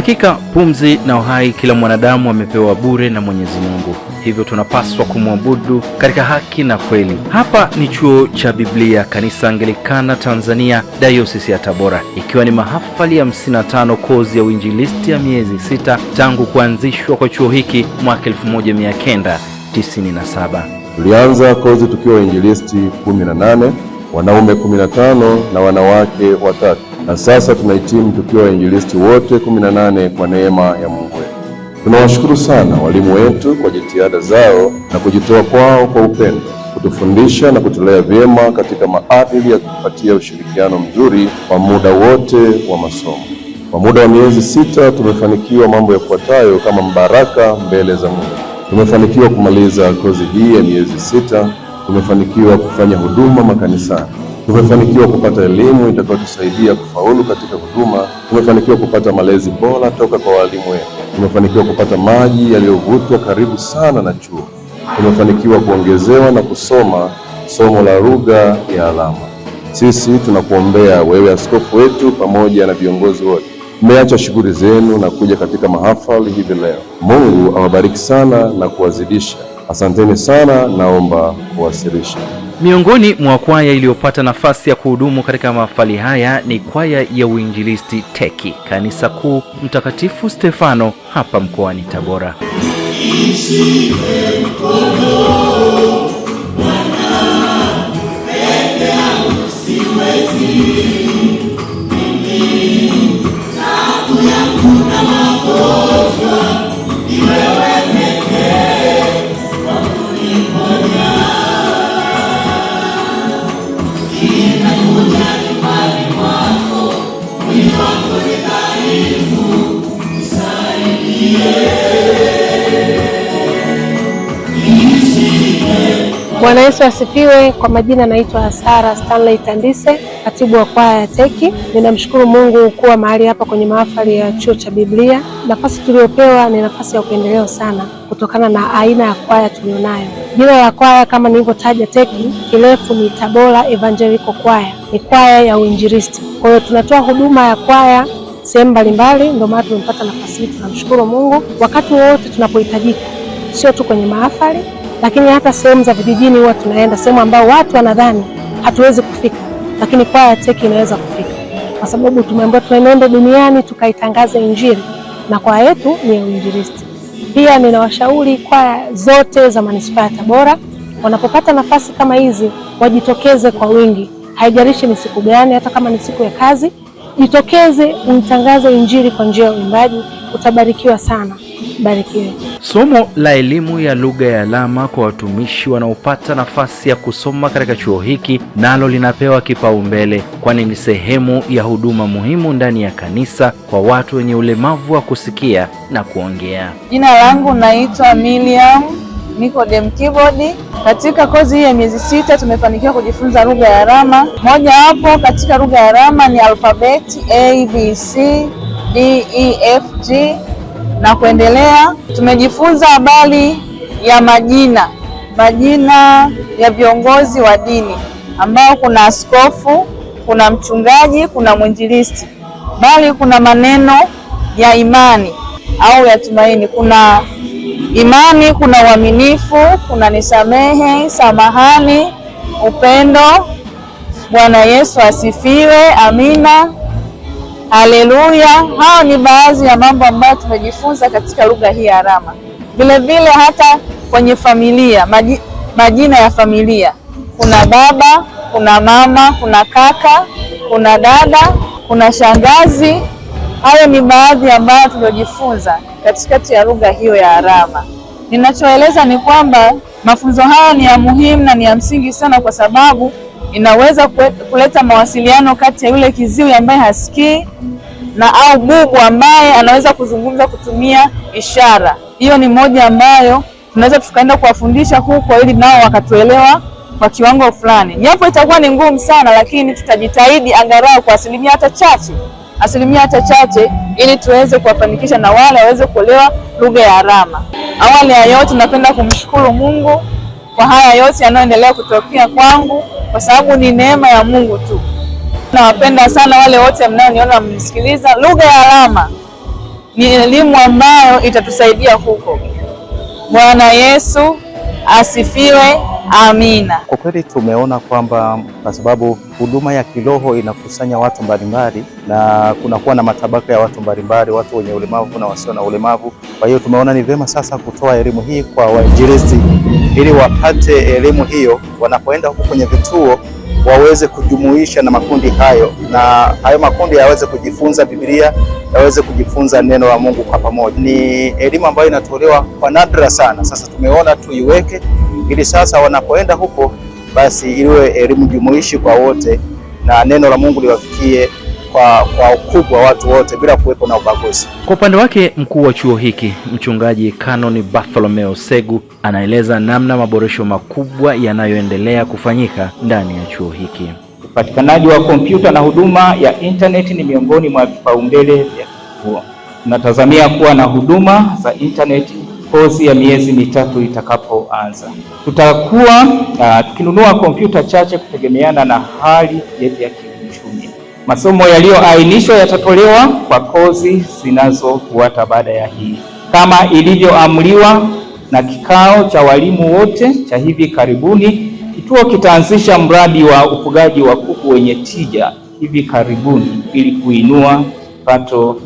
Hakika pumzi na uhai kila mwanadamu amepewa bure na Mwenyezi Mungu, hivyo tunapaswa kumwabudu katika haki na kweli. Hapa ni chuo cha Biblia Kanisa Anglikana Tanzania Dayosisi ya Tabora, ikiwa ni mahafali ya 55 kozi ya uinjilisti ya miezi sita tangu kuanzishwa kwa chuo hiki mwaka 1997. Tulianza kozi tukiwa injilisti 18, wanaume 15 na wanawake watatu na sasa tunahitimu tukiwa wainjilisti wote 18 kwa neema ya Mungu wetu. Tunawashukuru sana walimu wetu kwa jitihada zao na kujitoa kwao kwa upendo kutufundisha na kutulea vyema katika maadili ya kupatia ushirikiano mzuri kwa muda wote wa masomo. Kwa muda wa miezi sita tumefanikiwa mambo yafuatayo kama mbaraka mbele za Mungu. Tumefanikiwa kumaliza kozi hii ya miezi sita. Tumefanikiwa kufanya huduma makanisani. Tumefanikiwa kupata elimu itakayotusaidia kufaulu katika huduma. Tumefanikiwa kupata malezi bora toka kwa walimu wetu. Tumefanikiwa kupata maji yaliyovutwa karibu sana na chuo. Tumefanikiwa kuongezewa na kusoma somo la lugha ya alama. Sisi tunakuombea wewe, askofu wetu, pamoja na viongozi wote. Mmeacha shughuli zenu na kuja katika mahafali hivi leo. Mungu awabariki sana na kuwazidisha. Asanteni sana, naomba kuwasilisha. Miongoni mwa kwaya iliyopata nafasi ya kuhudumu katika mafali haya ni kwaya ya Uinjilisti Teki, kanisa kuu Mtakatifu Stefano hapa mkoani Tabora. Bwana Yesu asifiwe. Kwa majina naitwa Sara Stanley Tandise, katibu wa kwaya ya Teki. Ninamshukuru Mungu kuwa mahali hapa kwenye mahafali ya chuo cha Biblia. Nafasi tuliyopewa ni nafasi ya upendeleo sana kutokana na aina ya kwaya tulionayo. Jina la kwaya kama nilivyotaja Teki, kirefu ni Tabora Evangelical Kwaya, ni kwaya ya uinjilisti. Kwa hiyo tunatoa huduma ya kwaya sehemu mbalimbali, ndio maana tumepata nafasi hii. Tunamshukuru Mungu wakati wowote tunapohitajika, sio tu kwenye mahafali lakini hata sehemu za vijijini huwa tunaenda sehemu ambao watu wanadhani hatuwezi kufika, lakini kwaya teki inaweza kufika, kwa sababu tumeambiwa tunaenda duniani tukaitangaza Injili na kwaya yetu ni ya uinjilisti. Pia ninawashauri kwaya zote za manispaa ya Tabora wanapopata nafasi kama hizi wajitokeze kwa wingi, haijalishi ni siku gani, hata kama ni siku ya kazi, jitokeze uitangaze Injili kwa njia ya uimbaji, utabarikiwa sana. Barikiwe. Somo la elimu ya lugha ya alama kwa watumishi wanaopata nafasi ya kusoma katika chuo hiki nalo linapewa kipaumbele, kwani ni sehemu ya huduma muhimu ndani ya kanisa kwa watu wenye ulemavu wa kusikia na kuongea. Jina langu naitwa Miriam Nikodem Kibodi. Katika kozi hii ya miezi sita tumefanikiwa kujifunza lugha ya alama. Moja wapo katika lugha ya alama ni alfabeti A B C D E F G na kuendelea. Tumejifunza habari ya majina, majina ya viongozi wa dini ambao kuna askofu, kuna mchungaji, kuna mwinjilisti, bali kuna maneno ya imani au ya tumaini. Kuna imani, kuna uaminifu, kuna nisamehe, samahani, upendo. Bwana Yesu asifiwe. Amina. Haleluya! Hao ni baadhi ya mambo ambayo tumejifunza katika lugha hii ya alama. Vilevile hata kwenye familia, maji, majina ya familia, kuna baba, kuna mama, kuna kaka, kuna dada, kuna shangazi. Hayo ni baadhi ambayo tuliojifunza katikati ya lugha hiyo ya alama. Ninachoeleza ni kwamba mafunzo haya ni ya muhimu na ni ya msingi sana kwa sababu inaweza kuleta mawasiliano kati ya yule kiziwi ambaye hasikii na au bubu ambaye anaweza kuzungumza kutumia ishara. Hiyo ni moja ambayo tunaweza tukaenda kuwafundisha huko, ili nao wakatuelewa kwa kiwango fulani, japo itakuwa ni ngumu sana, lakini tutajitahidi angalau kwa asilimia hata chache, asilimia hata chache, ili tuweze kuwafanikisha na wale waweze kuelewa lugha ya alama. Awali ya yote, napenda kumshukuru Mungu kwa haya yote yanayoendelea kutokea kwangu kwa sababu ni neema ya Mungu tu. Nawapenda sana wale wote mnaoniona mnisikiliza. Lugha ya alama ni elimu ambayo itatusaidia huko. Bwana Yesu Asifiwe. Amina. Kwa kweli tumeona kwamba kwa sababu huduma ya kiroho inakusanya watu mbalimbali na kunakuwa na matabaka ya watu mbalimbali, watu wenye ulemavu na wasio na ulemavu. Kwa hiyo tumeona ni vyema sasa kutoa elimu hii kwa wainjilisti ili wapate elimu hiyo wanapoenda huko kwenye vituo waweze kujumuisha na makundi hayo, na hayo makundi yaweze kujifunza Biblia, yaweze kujifunza neno la Mungu kwa pamoja. Ni elimu ambayo inatolewa kwa nadra sana, sasa tumeona tuiweke ili sasa wanapoenda huko basi iliwe elimu jumuishi kwa wote na neno la Mungu liwafikie kwa, kwa ukubwa watu wote bila kuwepo na ubaguzi. Kwa upande wake mkuu wa chuo hiki mchungaji Canon Bartholomeo Segu anaeleza namna maboresho makubwa yanayoendelea kufanyika ndani ya chuo hiki. Upatikanaji wa kompyuta na huduma ya intaneti ni miongoni mwa vipaumbele vya chuo. Tunatazamia kuwa na huduma za intaneti kozi ya miezi mitatu itakapoanza. Tutakuwa ah, tukinunua kompyuta chache kutegemeana na hali yetu ya Masomo yaliyoainishwa yatatolewa kwa kozi zinazofuata baada ya hii kama ilivyoamriwa na kikao cha walimu wote cha hivi karibuni. Kituo kitaanzisha mradi wa ufugaji wa kuku wenye tija hivi karibuni ili kuinua pato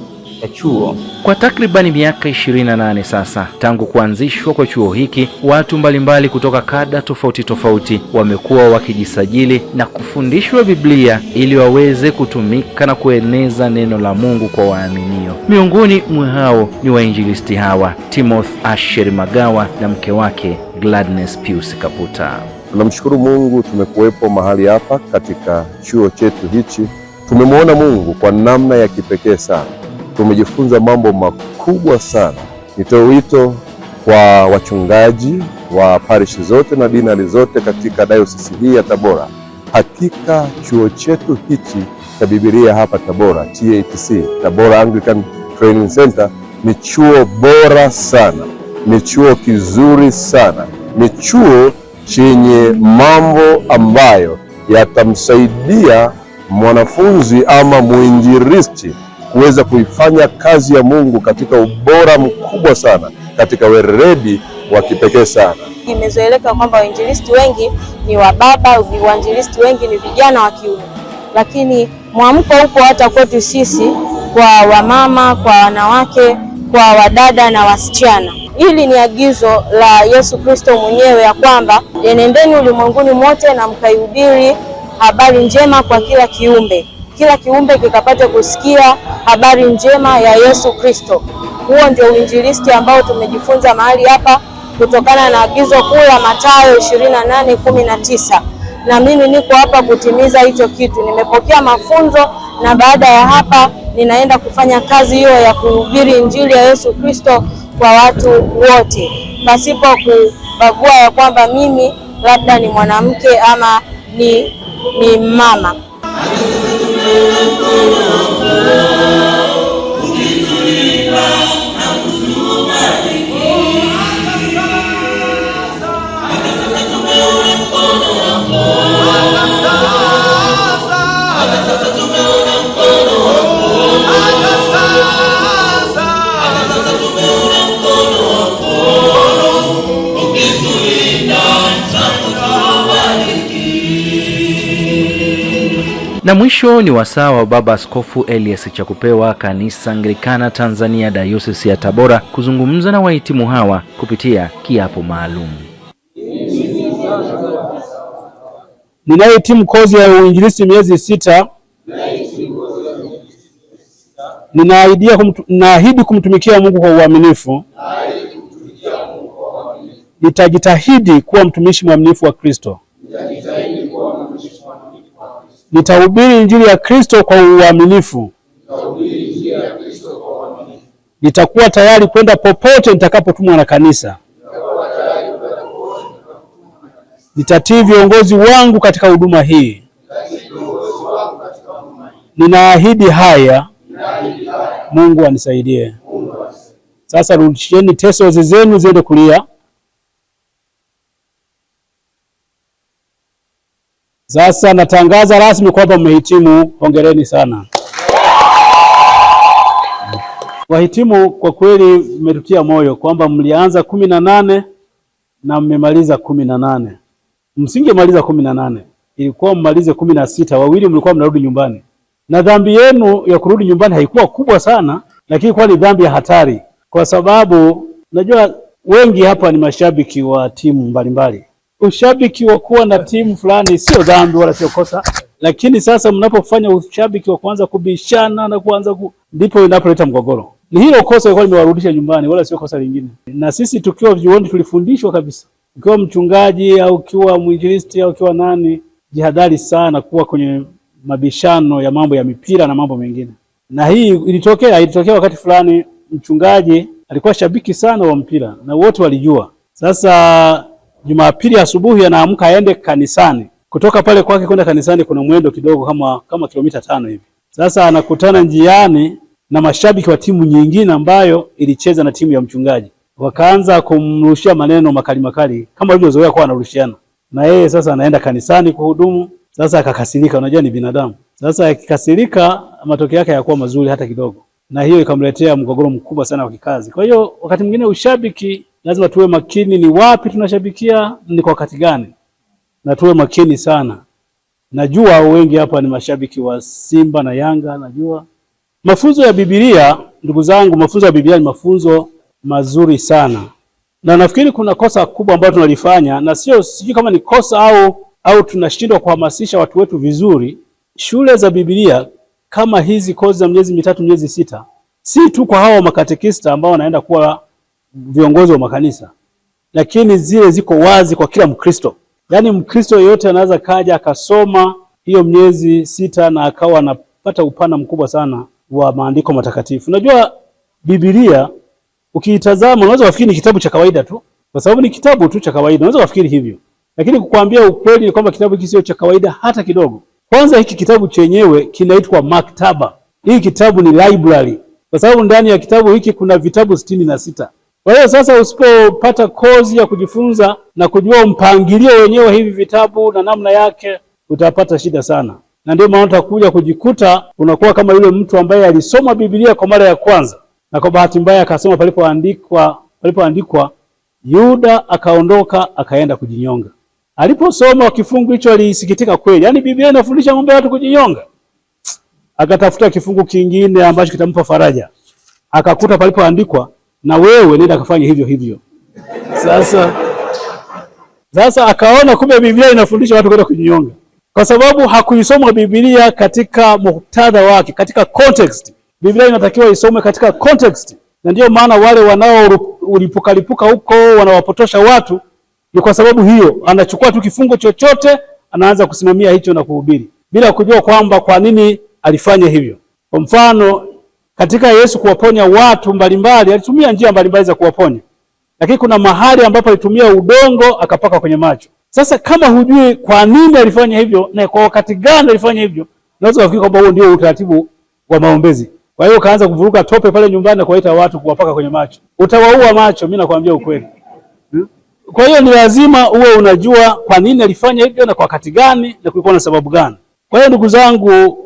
katika chuo kwa takribani miaka 28 sasa. Tangu kuanzishwa kwa chuo hiki, watu mbalimbali kutoka kada tofauti tofauti wamekuwa wakijisajili na kufundishwa Biblia ili waweze kutumika na kueneza neno la Mungu kwa waaminio. Miongoni mwa hao ni wainjilisti hawa Timothy Asher Magawa na mke wake Gladness Pius Kaputa. Tunamshukuru Mungu tumekuwepo mahali hapa katika chuo chetu hichi. Tumemwona Mungu kwa namna ya kipekee sana tumejifunza mambo makubwa sana. Nitoe wito kwa wachungaji wa parishi zote na dinari zote katika dayosisi hii ya Tabora. Hakika chuo chetu hichi cha Biblia hapa Tabora, TATC, Tabora Anglican Training Center, ni chuo bora sana, ni chuo kizuri sana, ni chuo chenye mambo ambayo yatamsaidia mwanafunzi ama mwinjilisti kuweza kuifanya kazi ya Mungu katika ubora mkubwa sana, katika weredi wa kipekee sana. Imezoeleka kwamba wainjilisti wengi ni wababa, wainjilisti wengi ni vijana wa kiume, lakini mwamko huko hata kwetu sisi, kwa wamama, kwa wanawake, kwa wadada na wasichana. Hili ni agizo la Yesu Kristo mwenyewe ya kwamba enendeni ulimwenguni mote na mkaihubiri habari njema kwa kila kiumbe, kila kiumbe kikapata kusikia habari njema ya Yesu Kristo. Huo ndio uinjilisti ambao tumejifunza mahali hapa kutokana na agizo kuu la Mathayo 28:19 na mimi niko hapa kutimiza hicho kitu. Nimepokea mafunzo na baada ya hapa ninaenda kufanya kazi hiyo ya kuhubiri injili ya Yesu Kristo kwa watu wote pasipo kubagua ya kwamba mimi labda ni mwanamke ama ni, ni mama. Thank you. Na mwisho ni wasaa wa Baba Askofu Elias Chakupewa, Kanisa Anglikana Tanzania, Dayosisi ya Tabora, kuzungumza na wahitimu hawa kupitia kiapo maalum. ninayehitimu kozi ya uinjilisti miezi sita, ninaahidi kumtu, kumtumikia Mungu kwa uaminifu. Nitajitahidi kuwa mtumishi mwaminifu wa Kristo. Nitahubiri injili ya Kristo kwa uaminifu. Nitakuwa tayari kwenda popote nitakapotumwa na kanisa. Nitatii viongozi wangu katika huduma hii. Ninaahidi haya. Mungu anisaidie. Sasa rudisheni teso zenu ziende kulia. Sasa natangaza rasmi kwamba mmehitimu. Hongereni sana wahitimu, kwa kweli mmetutia moyo kwamba mlianza kumi na nane na mmemaliza kumi na nane. Msingemaliza kumi na nane, ilikuwa mmalize kumi na sita, wawili mlikuwa mnarudi nyumbani, na dhambi yenu ya kurudi nyumbani haikuwa kubwa sana, lakini ilikuwa ni dhambi ya hatari, kwa sababu najua wengi hapa ni mashabiki wa timu mbalimbali ushabiki wa kuwa na timu fulani sio dhambi wala sio kosa, lakini sasa mnapofanya ushabiki wa kuanza kubishana na kuanza ku... ndipo inapoleta mgogoro. Ni hilo kosa ilikuwa limewarudisha nyumbani, wala sio kosa lingine. Na sisi tukiwa vijuoni tulifundishwa kabisa, ukiwa mchungaji au ukiwa mwinjilisti au ukiwa nani, jihadhari sana kuwa kwenye mabishano ya mambo ya mipira na mambo mengine. Na hii ilitokea ilitokea wakati fulani, mchungaji alikuwa shabiki sana wa mpira na wote walijua sasa Jumapili asubuhi anaamka aende kanisani. Kutoka pale kwake kwenda kanisani kuna mwendo kidogo kama kama kilomita tano hivi. Sasa anakutana njiani na mashabiki wa timu nyingine ambayo ilicheza na timu ya mchungaji, wakaanza kumrushia maneno makali makali kama walivyozoea kuwa anarushiana. na yeye sasa anaenda kanisani kuhudumu. Sasa akakasirika, unajua ni binadamu. Sasa akikasirika, matokeo yake hayakuwa mazuri hata kidogo, na hiyo ikamletea mgogoro mkubwa sana wa kikazi. Kwa hiyo wakati mwingine ushabiki lazima tuwe makini, ni wapi tunashabikia, ni kwa wakati gani, na tuwe makini sana. Najua wengi hapa ni mashabiki wa Simba na Yanga. Najua mafunzo ya Biblia, ndugu zangu, mafunzo ya Biblia ni mafunzo mazuri sana, na nafikiri kuna kosa kubwa ambalo tunalifanya, na sio sijui kama ni kosa au au tunashindwa kuhamasisha watu wetu vizuri. Shule za Biblia kama hizi kozi za miezi mitatu, miezi sita, si tu kwa hao makatekista ambao wanaenda kuwa viongozi wa makanisa, lakini zile ziko wazi kwa kila Mkristo. Yaani Mkristo yeyote anaweza kaja akasoma hiyo miezi sita na akawa anapata upana mkubwa sana wa maandiko matakatifu. Unajua Biblia ukiitazama unaweza kufikiri ni kitabu cha kawaida tu, kwa sababu ni kitabu tu cha kawaida, unaweza kufikiri hivyo, lakini kukwambia ukweli ni kwamba kitabu hiki sio cha kawaida hata kidogo. Kwanza hiki kitabu chenyewe kinaitwa maktaba. Hii kitabu ni library, kwa sababu ndani ya kitabu hiki kuna vitabu sitini na sita. Kwa hiyo sasa, usipopata kozi ya kujifunza na kujua mpangilio wenyewe hivi vitabu na namna yake, utapata shida sana, na ndio maana utakuja kujikuta unakuwa kama yule mtu ambaye alisoma Biblia kwa mara ya kwanza na kwa bahati mbaya akasoma palipoandikwa palipoandikwa Yuda akaondoka akaenda kujinyonga. Aliposoma kifungu hicho alisikitika kweli, yaani Biblia inafundisha mambo ya watu kujinyonga. Akatafuta kifungu kingine ambacho kitampa faraja, akakuta palipoandikwa na wewe nenda kafanye hivyo hivyo. Sasa sasa akaona kumbe Biblia inafundisha watu kwenda kunyonga, kwa sababu hakuisoma Biblia katika muktadha wake, katika context. Biblia inatakiwa isome katika context, na ndiyo maana wale wanaolipukalipuka huko wanawapotosha watu ni kwa sababu hiyo. Anachukua tu kifungo chochote, anaanza kusimamia hicho na kuhubiri bila kujua kwamba kwa nini alifanya hivyo. Kwa mfano katika Yesu kuwaponya watu mbalimbali, alitumia njia mbalimbali za kuwaponya, lakini kuna mahali ambapo alitumia udongo akapaka kwenye macho. Sasa kama hujui kwa nini alifanya hivyo na kwa wakati gani alifanya hivyo, unaweza kufikiri kwamba huo ndio utaratibu wa maombezi. Kwa hiyo kaanza kuvuruka tope pale nyumbani na kuwaita watu kuwapaka kwenye macho, utawaua macho. Mimi nakwambia ukweli. Kwa hiyo ni lazima uwe unajua kwa nini alifanya hivyo na kwa wakati gani na kulikuwa na sababu gani. Kwa hiyo ndugu zangu,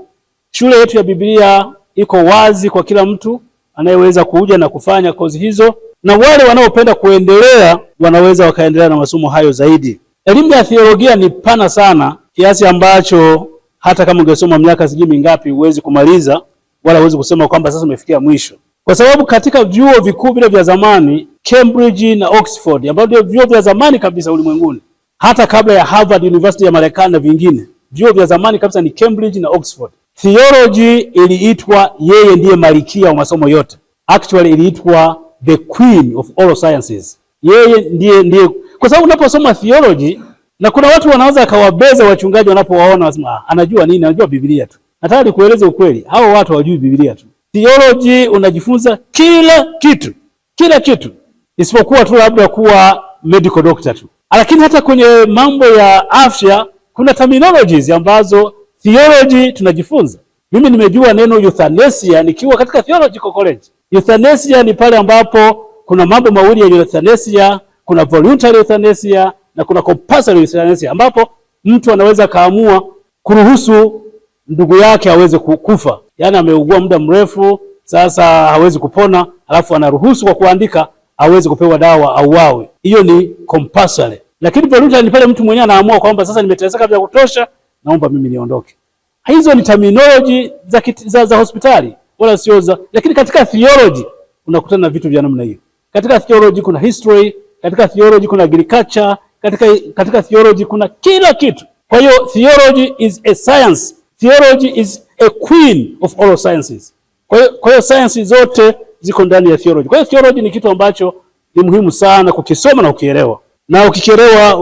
shule yetu ya Biblia iko wazi kwa kila mtu anayeweza kuja na kufanya kozi hizo, na wale wanaopenda kuendelea wanaweza wakaendelea na masomo hayo zaidi. Elimu ya theolojia ni pana sana kiasi ambacho hata kama ungesoma miaka sijui mingapi huwezi kumaliza, wala huwezi kusema kwamba sasa umefikia mwisho, kwa sababu katika vyuo vikuu vile vya zamani, Cambridge na Oxford, ambavyo ndio vyuo vya zamani kabisa ulimwenguni, hata kabla ya Harvard University ya Marekani na vingine, vyuo vya zamani kabisa ni Cambridge na Oxford. Theology iliitwa yeye ndiye malikia wa masomo yote, actually iliitwa the queen of all sciences. Yeye ndiye ndiye, kwa sababu unaposoma theology na kuna watu wanaweza akawabeza wachungaji wanapowaona, wasema ah, anajua nini? Anajua Biblia tu. Nataka nikueleze ukweli, hao watu hawajui Biblia tu. Theology unajifunza kila kitu, kila kitu isipokuwa tu labda kuwa medical doctor tu, lakini hata kwenye mambo ya afya kuna terminologies ambazo Theology tunajifunza. Mimi nimejua neno euthanasia nikiwa katika theological college. Euthanasia ni pale ambapo kuna mambo mawili ya euthanasia, kuna voluntary euthanasia na kuna compulsory euthanasia, ambapo mtu anaweza kaamua kuruhusu ndugu yake aweze kukufa, yaani ameugua muda mrefu sasa hawezi kupona, alafu anaruhusu kwa kuandika aweze kupewa dawa auawe. Hiyo ni compulsory, lakini voluntary ni pale mtu mwenyewe anaamua kwamba sasa nimeteseka vya kutosha, naomba mimi niondoke. Hizo ni terminology za, za, za hospitali wala sio za, lakini katika theology unakutana na vitu vya namna hiyo. Katika theology kuna history, katika theology kuna agriculture, katika, katika theology kuna kila kitu. Kwa hiyo theology is a science. Theology is a queen of all sciences. Kwa hiyo science zote ziko ndani ya theology. Kwa hiyo theology ni kitu ambacho ni muhimu sana kukisoma na kukielewa, na ukikielewa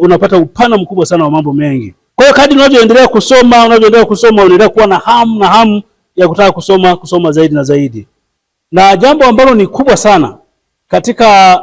unapata upana mkubwa sana wa mambo mengi. Kwa hiyo kadri unavyoendelea kusoma, unavyoendelea kusoma, unaendelea kuwa na hamu na hamu ya kutaka kusoma kusoma zaidi na zaidi, na jambo ambalo ni kubwa sana katika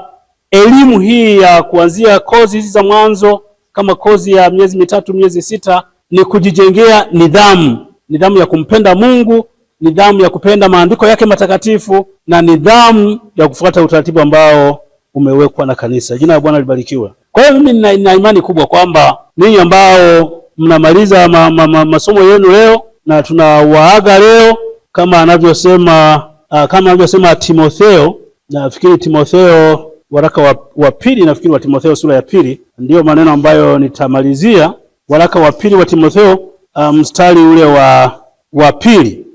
elimu hii ya kuanzia kozi hizi za mwanzo kama kozi ya miezi mitatu, miezi sita, ni kujijengea nidhamu, nidhamu ya kumpenda Mungu, nidhamu ya kupenda maandiko yake matakatifu, na nidhamu ya kufuata utaratibu ambao umewekwa na kanisa. Jina la Bwana libarikiwe. Kwa hiyo mimi nina imani kubwa kwamba ninyi ambao mnamaliza ma, ma, ma, masomo yenu leo, na tunawaaga leo kama anavyosema uh, kama anavyosema Timotheo, nafikiri Timotheo waraka wa, wa pili nafikiri wa Timotheo sura ya pili ndiyo maneno ambayo nitamalizia. Waraka wa pili wa Timotheo ah, mstari ule wa wa pili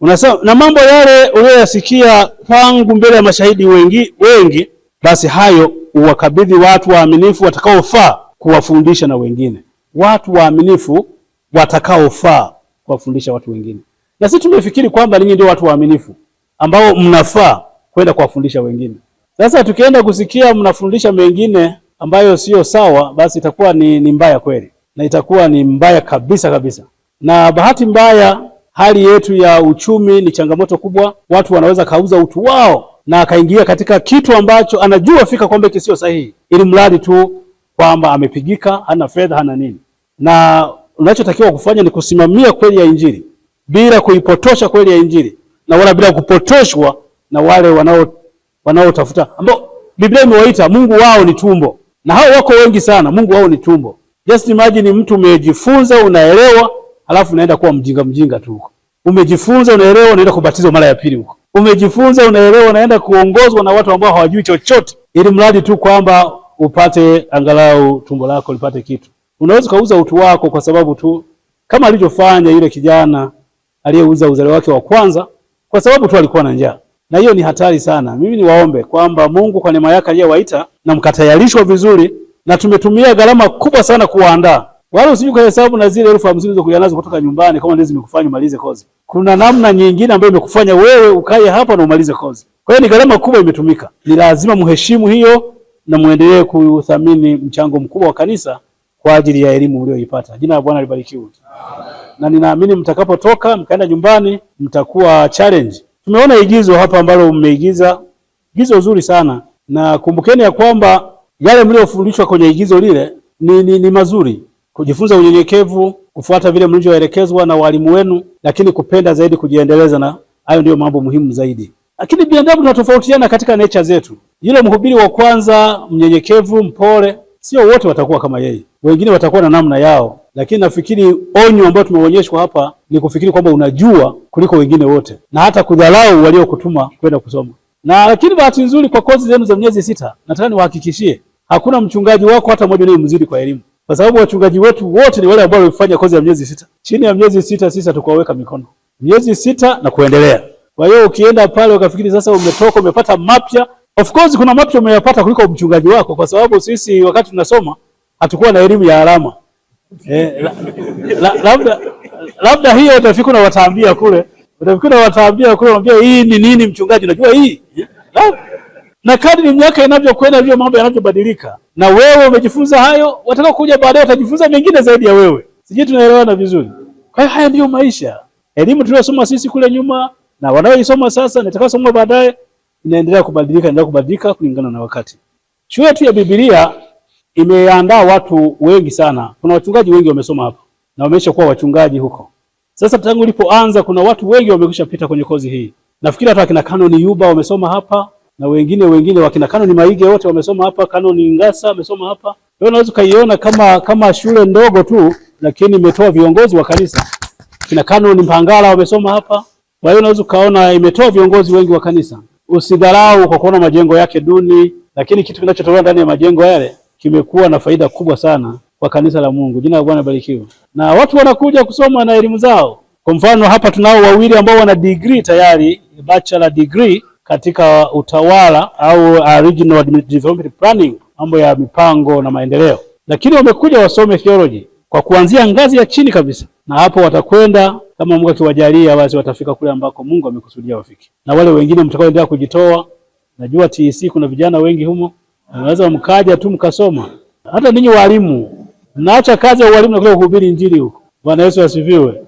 unasema, na mambo yale uliyoyasikia kwangu mbele ya mashahidi wengi wengi, basi hayo uwakabidhi watu waaminifu watakaofaa kuwafundisha na wengine watu waaminifu watakaofaa kuwafundisha watu wengine. Na sisi tumefikiri kwamba ninyi ndio watu waaminifu ambao mnafaa kwenda kuwafundisha wengine. Sasa tukienda kusikia mnafundisha mengine ambayo sio sawa, basi itakuwa ni, ni mbaya kweli, na itakuwa ni mbaya kabisa kabisa. Na bahati mbaya, hali yetu ya uchumi ni changamoto kubwa. Watu wanaweza kauza utu wao na akaingia katika kitu ambacho anajua fika kwamba kisio sahihi, ili mradi tu kwamba amepigika, hana fedha, hana nini na unachotakiwa kufanya ni kusimamia kweli ya Injili bila kuipotosha kweli ya Injili na wala bila kupotoshwa na wale wanao wanaotafuta ambao Biblia imewaita Mungu wao ni tumbo, na hao wako wengi sana. Mungu wao ni tumbo. Just imagine mtu umejifunza, unaelewa, alafu unaenda kuwa mjinga mjinga tu huko. Umejifunza, unaelewa, unaenda kubatizwa mara ya pili huko. Umejifunza, unaelewa, unaenda kuongozwa na watu ambao hawajui chochote, ili mradi tu kwamba upate angalau tumbo lako lipate kitu. Unaweza ukauza utu wako kwa sababu tu, kama alivyofanya yule kijana aliyeuza uzale wake wa kwanza kwa sababu tu alikuwa na njaa, na hiyo ni hatari sana. Mimi niwaombe kwamba Mungu kwa neema yake aliyewaita na mkatayarishwa vizuri, na tumetumia gharama kubwa sana kuwaandaa wala kwa hesabu na zile elfu hamsini zilizokuja nazo kutoka nyumbani, kama ndizo zimekufanya umalize kozi. Kuna namna nyingine ambayo imekufanya wewe ukae hapa na umalize kozi. Kwa hiyo ni gharama kubwa imetumika, ni lazima mheshimu hiyo na muendelee kuthamini mchango mkubwa wa kanisa kwa ajili ya elimu mlioipata. Jina la Bwana libarikiwe. Na ninaamini mtakapotoka mkaenda nyumbani mtakuwa challenge. Tumeona igizo hapa ambalo mmeigiza igizo zuri sana, na kumbukeni ya kwamba yale mliofundishwa kwenye igizo lile ni, ni, ni mazuri: kujifunza unyenyekevu, kufuata vile mlivyoelekezwa na walimu wenu, lakini kupenda zaidi kujiendeleza, na hayo ndiyo mambo muhimu zaidi. Lakini binadamu tunatofautiana katika nature zetu. Yule mhubiri wa kwanza mnyenyekevu, mpole Sio wote watakuwa kama yeye, wengine watakuwa na namna yao, lakini nafikiri onyo ambayo tumeonyeshwa hapa ni kufikiri kwamba unajua kuliko wengine wote na hata kudharau waliokutuma kwenda kusoma. Na lakini bahati nzuri kwa kozi zenu za miezi sita, nataka niwahakikishie hakuna mchungaji wako hata mmoja mzidi kwa elimu, kwa sababu wachungaji wetu wote ni wale ambao walifanya kozi ya miezi sita. Chini ya miezi sita sisi hatukuwaweka mikono, miezi sita na kuendelea. Kwa hiyo ukienda pale ukafikiri sasa umetoka umepata mapya Of course kuna mapya umeyapata kuliko mchungaji wako, kwa sababu sisi wakati tunasoma hatukuwa na elimu ya alama eh, la, la, labda, labda hiyo utafika na wataambia kule, utafika na wataambia kule, unamwambia hii ni nini mchungaji, unajua hii la, na kadri miaka inavyokwenda ndivyo mambo yanavyobadilika, na wewe umejifunza hayo, wataka kuja baadaye utajifunza mengine zaidi ya wewe. Sijui tunaelewana vizuri? Kwa hiyo haya ndiyo maisha, elimu tuliyosoma sisi kule nyuma na wanaoisoma sasa, nitakasoma baadaye inaendelea kubadilika, inaendelea kubadilika kulingana na wakati. Shule yetu ya Biblia imeandaa watu wengi sana. Kuna wachungaji wengi wamesoma hapa na wamesha kuwa wachungaji huko. Sasa tangu ulipoanza, kuna watu wengi wamekwisha pita kwenye kozi hii. Nafikiri hata wakina Kanoni Yuba wamesoma hapa na wengine wengine wakina Kanoni Maige wote wamesoma hapa, Kanoni Ngasa wamesoma hapa. Leo unaweza ukaiona kama kama shule ndogo tu, lakini imetoa viongozi wa kanisa. Kina Kanoni Mpangala wamesoma hapa. Kwa hiyo unaweza ukaona imetoa viongozi wengi wa kanisa. Usidharau kwa kuona majengo yake duni, lakini kitu kinachotolewa ndani ya majengo yale kimekuwa na faida kubwa sana kwa kanisa la Mungu. Jina la Bwana barikiwe. Na watu wanakuja kusoma na elimu zao. Kwa mfano hapa tunao wawili ambao wana degree tayari, bachelor degree katika utawala au regional development planning, mambo ya mipango na maendeleo, lakini wamekuja wasome theology kwa kuanzia ngazi ya chini kabisa na hapo watakwenda kama Mungu akiwajalia, basi watafika kule ambako Mungu amekusudia wafike. Na wale wengine mtakaoendelea kujitoa, najua TEC kuna vijana wengi humo, anaweza mkaja tu mkasoma. Hata ninyi walimu mnaacha kazi ya walimu na kuhubiri injili huko. Bwana Yesu asifiwe.